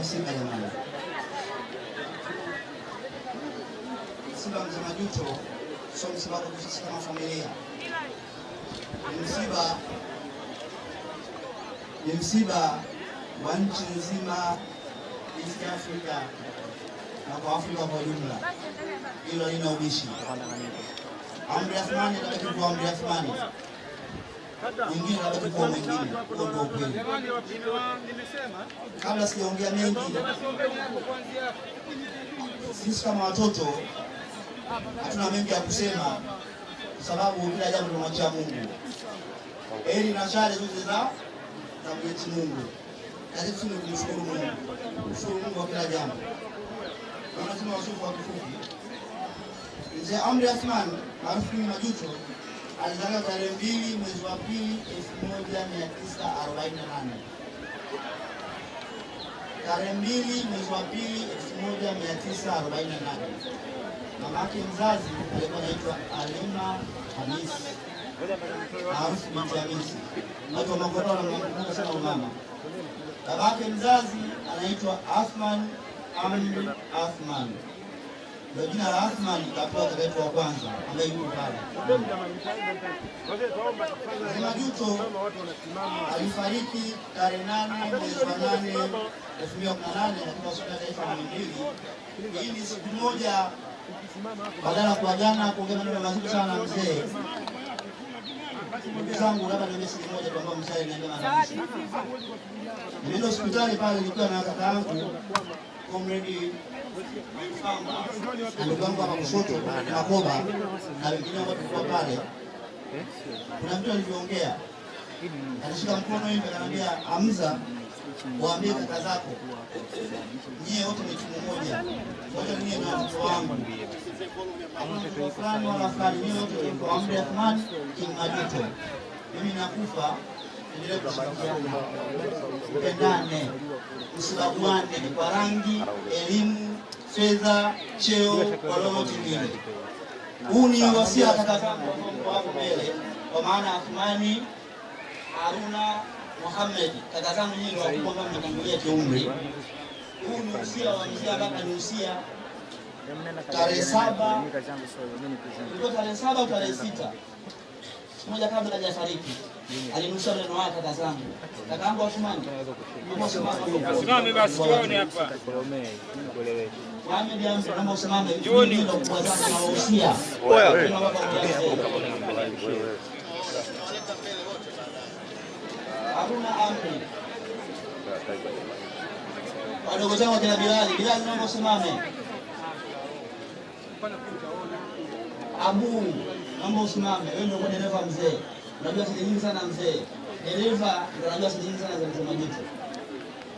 msingi jamani. Msiba mzee Majuto sio msiba kama familia, msiba ni msiba wa nchi nzima East Africa na kwa Afrika kwa ujumla. Hilo lina ubishi. Amri Athmani, Amri Athmani nyingine atakupa mwingine kwa upendo. Kabla sijaongea mengi, sisi kama watoto hatuna mengi ya kusema, kwa sababu kila jambo tunamwachia Mungu. Heri na shari zote za mwenyezi Mungu, lakini sisi tunamshukuru Mungu, kumshukuru Mungu kwa kila jambo. Anasema wasufu wa kifupi, Mzee Amri Athman maarufu Majuto alizaliwa tarehe mbili mwezi wa pili elfu moja mia tisa arobaini na nane tarehe mbili mwezi wa pili elfu moja mia tisa arobaini na nane Mama yake mzazi alikuwa anaitwa Alema Hamisi maarufu binti Hamisi, watu wa Magodoro wanamkumbuka sana umama. Baba yake mzazi anaitwa Athman Amri Athman ndio jina la Athman kapewa dereva wa kwanza ambaye yuko pale. Majuto alifariki tarehe nane mwezi wa nane elfu mbili kumi na nane katika hospitali ya taifa Muhimbili. Hii siku moja badala ya kuagana kuongea maneno mazuri sana mzee. Ndugu zangu, labda niambie siku moja kwamba mzee aliniambia maana. Nilienda hospitali pale, nilikuwa na kaka yangu Komredi na ndugu yangu hapa kushoto Makoba na wengine ambao tulikuwa pale, kuna mtu alivyoongea, alishika mkono hivi akaniambia, Hamza, waambie kaka zako nyie wote ni timu moja, wote nyie ni watoto wangu, fulani wala fulani, nyie wote kwa Ahmed Ahmad Kimajuto, mimi nakufa Tupendane, tusibaguane kwa rangi, elimu, fedha, cheo, walolote vile. Huu ni wasia wapo mbele, kwa maana Athumani Haruna Muhammad, kaka zangu nyingi wakubwa ambao mnatangulia kiumri. Huu ni usia wa mzee kaka, ni usia tarehe saba, tarehe saba, tarehe sita siku moja kabla hajafariki alinusha neno wake, akasema kaka yangu usimame basi, tuone hapa kama yaani jioni kwa Wadogo zangu wakina Bilali, Bilali naomba usimame naomba usimame. Wewe ndio dereva mzee, unajua siri nyingi sana mzee. Dereva ndio anajua siri nyingi sana za msemajitu.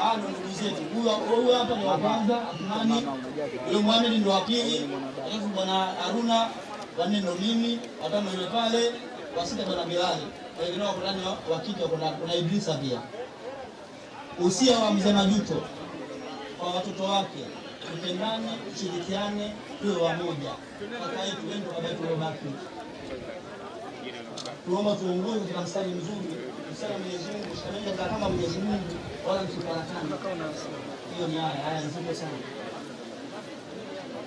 Ah, ndio ndugu zetu. Huyu hapa ni wa kwanza Athmani, Yule Muhammad ndio wa pili, alafu bwana Haruna, nne ndio mimi, tano yule pale, wa sita bwana Bilali, wengine wako ndani wa kike, kuna Idrisa pia. Usia wa mzee Majuto kwa watoto wake Tupendane, tushirikiane, tuwe wamoja. Kaka yetu wendo, baba yetu wabaki tuomba tuongoze katika mstari mzuri, mstari wa Mwenyezi kama Mwenyezi Mungu wala msifarakane. Hiyo ni haya haya nzuri sana,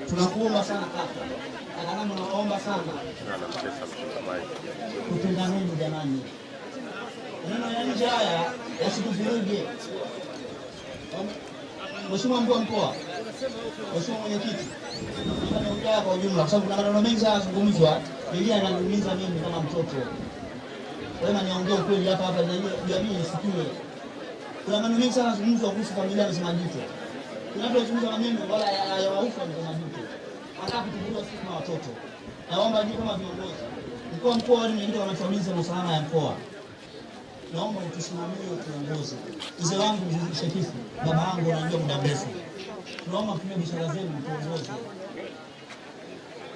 tunakuomba sana kaka, kaka, tunaomba sana tutendaneni jamani, neno ya nje haya yasikuvuruge. Mheshimiwa mkuu wa mkoa, Mheshimiwa mwenyekiti, wilaya kwa ujumla, kwa sababu kuna maneno mengi sana yazungumzwa Biblia inaniuliza mimi kama mtoto, wema niongee ukweli hapa hapa, jamii isikie. Kuna maneno mengi sana yanazungumzwa kuhusu familia, amesema jitu, tunapozungumza maneno wala hayawaufu, amesema jitu, Wakati tukuwa sisi kama watoto. Naomba juu kama viongozi mkoa, mkoa wale wengine wanasimamia na usalama ya mkoa, naomba utusimamie kiongozi. Mzee wangu Shekifu, baba yangu, anajua muda mrefu, tunaomba mtumie biashara zenu kiongozi.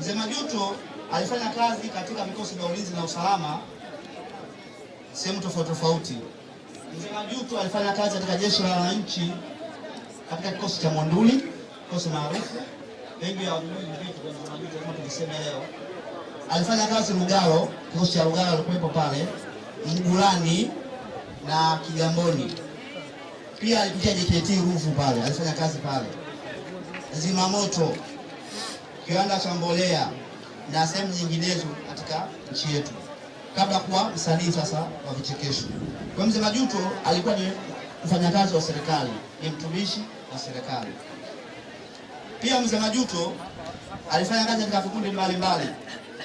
Mzee Majuto alifanya kazi katika vikosi vya ulinzi na usalama sehemu tofauti tofauti. Mzee Majuto alifanya kazi katika jeshi la wananchi katika kikosi cha Monduli, kikosi maarufu wengi ya Majuto kama tulisema leo. Alifanya kazi Lugalo, kikosi cha Lugalo alikuwepo pale, Mgulani na Kigamboni. Pia alipitia JKT Ruvu pale, alifanya kazi pale. Zimamoto kiwanda cha mbolea na sehemu nyinginezo katika nchi yetu, kabla kuwa msanii sasa wa vichekesho. Kwa Mzee Majuto alikuwa ni mfanyakazi wa serikali, ni mtumishi wa serikali. Pia Mzee Majuto alifanya kazi katika vikundi mbalimbali,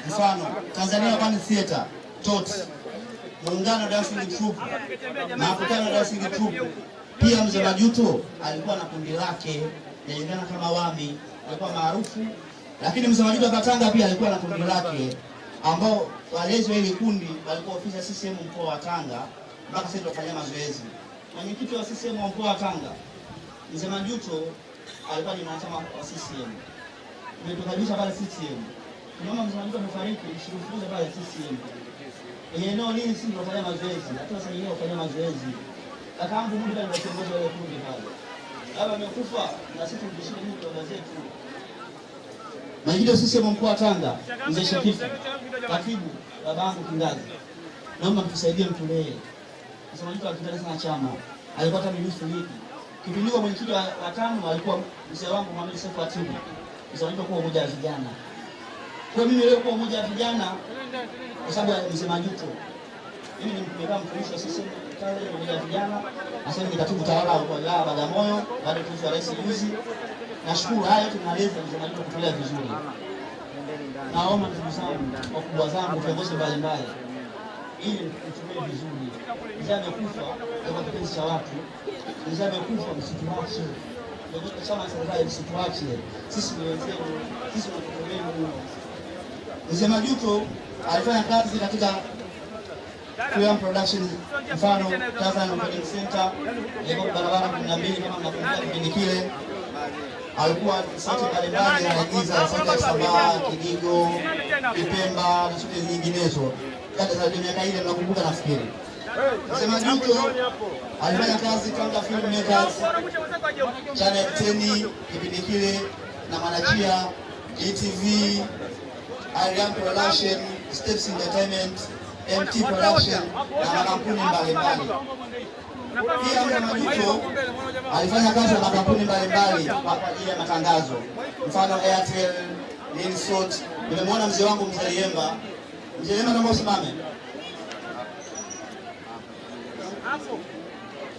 mfano Tanzania Band Theater TOT, muungano dancing troupe, makutano dancing troupe. Pia Mzee Majuto alikuwa na kundi lake linajulikana kama Wami, alikuwa maarufu lakini msemaji wa Katanga pia alikuwa na kundi lake ambao walezi wa ile kundi walikuwa ofisi ya CCM mkoa wa Tanga mpaka sasa tunafanya mazoezi. Mwenyekiti wa CCM wa mkoa wa Tanga Mzee Majuto alikuwa ni mwanachama wa CCM. Tumetukabisha pale CCM. Tunaomba Mzee Majuto amefariki, tushirikiane pale CCM. Yenye eneo lini sisi tunafanya mazoezi? Hata sasa yeye anafanya mazoezi. Akaangu yangu mmoja ndio kiongozi wa ile kundi pale. Baba amekufa na sisi tunashiriki kwa zetu. Majida sisi wa mkoa wa Tanga, mzee Shakifu, katibu babangu Kingazi, naomba mtusaidie mtulee. Sasa mtu akitaka sana chama alikuwa hata minusu wiki kipindi wa mwenyekiti wa tano alikuwa mzee wangu Mohamed Sefu Atibu, mzee wangu kwa umoja wa vijana. Kwa mimi leo kwa umoja wa vijana kwa sababu ya mzee Majuto, mimi nimekaa mtumishi wa sisi tawi ya umoja wa vijana, asante ni katibu tawala wa wilaya Bagamoyo, baada ya tuzo rais juzi Nashukuru haya yote naleza nijamaliza kutolea vizuri. Naomba ndugu zangu, wakubwa zangu, viongozi mbalimbali, ili tutumie vizuri. Mzee amekufa kwa kipenzi cha watu, mzee amekufa, msituache chama serikali, msituache sisi, ni wenzenu, sisi ni watoto wenu. Mzee Majuto alifanya kazi katika Film production mfano Tanzania Film Center, barabara kumi kama mnakumbuka kipindi kile alikuwa sote katika ndani anaigiza sauti ya Sabaa, Kidigo, Kipemba na sote nyinginezo Kata za miaka ile, mnakumbuka nafikiri sema Jicho alifanya kazi kama filmmakers Channel 10 kipindi kile na Manachia, ETV, Ariam Production, Steps Entertainment, MT Production na makampuni mbalimbali. Pia muda alifanya kazi na makampuni mbalimbali kwa ajili ya matangazo, mfano Airtel, Linsot. Nimemwona mzee wangu mzee Yemba. Mzee Yemba, naomba usimame.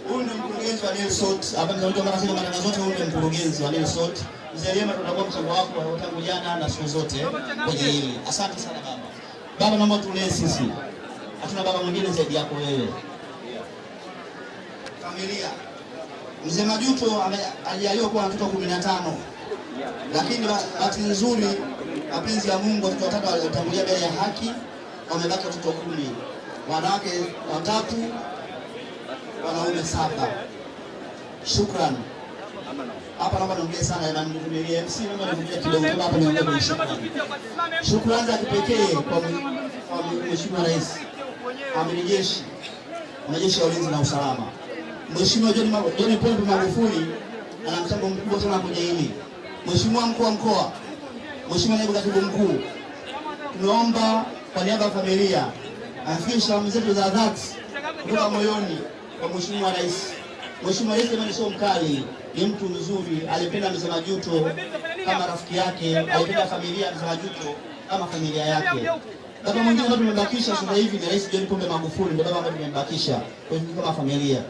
Huyu ndio mkurugenzi wa Nilsot hapa ndio mtu mnaotoka matangazo zote, huyu ndio mkurugenzi wa Nilsot. Mzee Yemba, tutakuwa mchango wako tangu jana na siku zote kwenye hili. Asante sana baba. Baba, naomba tulee sisi, hatuna baba mwingine zaidi yako wewe familia. Mzee Majuto alijaliwa kuwa watoto kumi na tano, lakini bahati nzuri, mapenzi ya Mungu, watoto watatu walitangulia mbele ya haki, wamebaki watoto kumi, wanawake watatu, wanaume saba. Shukrani. Hapa naomba niongee sana na mimi MC, naomba niongee kidogo hapa, niongee kwa shukrani. Shukrani za kipekee kwa Mheshimiwa Rais, Amiri Jeshi, Wanajeshi wa Ulinzi na Usalama Mheshimiwa John John Pombe Magufuli ana mchango mkubwa sana kwenye hili. Mheshimiwa mkuu wa mkoa, Mheshimiwa naibu katibu mkuu, tunaomba kwa niaba ya familia afikishe salamu zetu za dhati kutoka moyoni kwa Mheshimiwa Rais. Mheshimiwa Rais ni sio mkali, ni mtu mzuri, alipenda Mzee Majuto kama rafiki yake, alipenda familia ya Mzee Majuto kama familia yake. Baba mwingine ambaye tumebakisha sasa hivi ni Rais John Pombe Magufuli, ndio baba ambaye tumebakisha tumembakisha kama familia.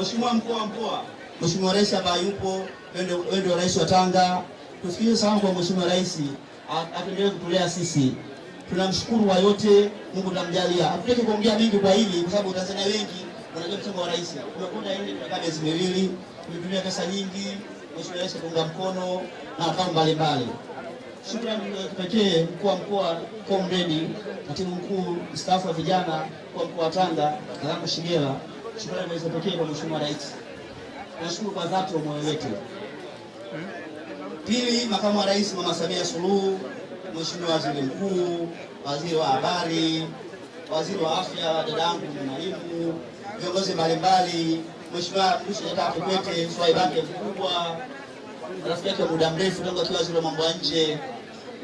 Mheshimiwa mkuu wa mkoa, Mheshimiwa Rais ambaye yupo wewe ndio rais wa Tanga, tusikie sana kwa Mheshimiwa Rais atendelee kutulea sisi. Tunamshukuru wa yote, Mungu tamjalia. Hatutaki kuongea mingi kwa hili kwa sababu Watanzania wengi wanajua mchango wa rais. Tumekwenda nje kwa miezi miwili, tumetumia pesa nyingi, Mheshimiwa Rais kuunga mkono na kama mbalimbali. Shukrani za kipekee mkuu wa mkoa Comrade, katibu mkuu mstaafu wa vijana kwa mkoa wa Tanga, Kalango Shigela shukrani za pekee kwa Mheshimiwa Rais. Nashukuru kwa dhati wa moyo wetu. Pili, Makamu wa Rais Mama Samia Suluhu, Mheshimiwa Waziri Mkuu, Waziri wa Habari, Waziri wa Afya, dadangu Mwalimu, viongozi mbalimbali, Mheshimiwa Mrisho Jakaya Kikwete, swahi yake mkubwa, rafiki yake muda mrefu tangu akiwa waziri wa mambo ya nje,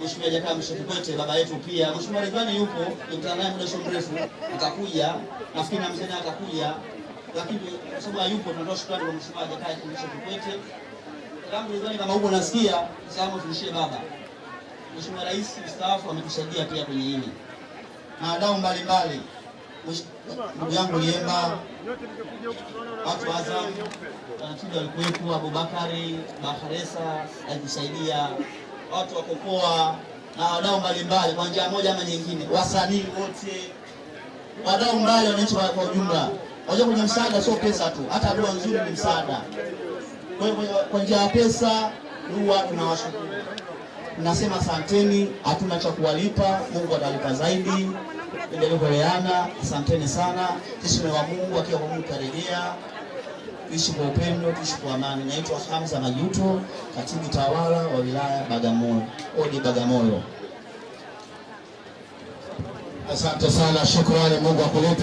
Mheshimiwa Jakaya Mrisho Kikwete baba yetu. Pia Mheshimiwa Ridhiwani yupo, nikutana naye muda sio mrefu, atakuja, nafikiri na mzee atakuja lakini kwa sababu hayupo, tunatoa shukrani kwa Mheshimiwa Jakaya Kirisho Kikwete. Tangu nadhani kama huko nasikia salamu, turishie baba. Mheshimiwa Rais mstaafu ametusaidia pia kwenye hili na wadau mbalimbali, ndugu yangu Liemba, watu wa Azam wanatuja walikuwepo, Abubakari Baharesa alitusaidia, watu wa Kokoa na wadau mbalimbali kwa njia moja ama nyingine, wasanii wote, wadau mbali, wananchi kwa ujumla. Unajua kwenye msaada sio pesa tu, hata dua nzuri ni msaada. Kwa hiyo kwa njia ya pesa, dua tunawashukuru, nasema asanteni, hatuna cha kuwalipa, Mungu atalipa zaidi. Endeleana, asanteni sana. Sisi ni wa Mungu, akiwa kwa Mungu karejea. Tuishi kwa upendo, tuishi kwa amani. Naitwa Hamza Majuto, katibu tawala wa wilaya Bagamoyo, odi Bagamoyo. Asante sana, shukrani. Mungu akulipe.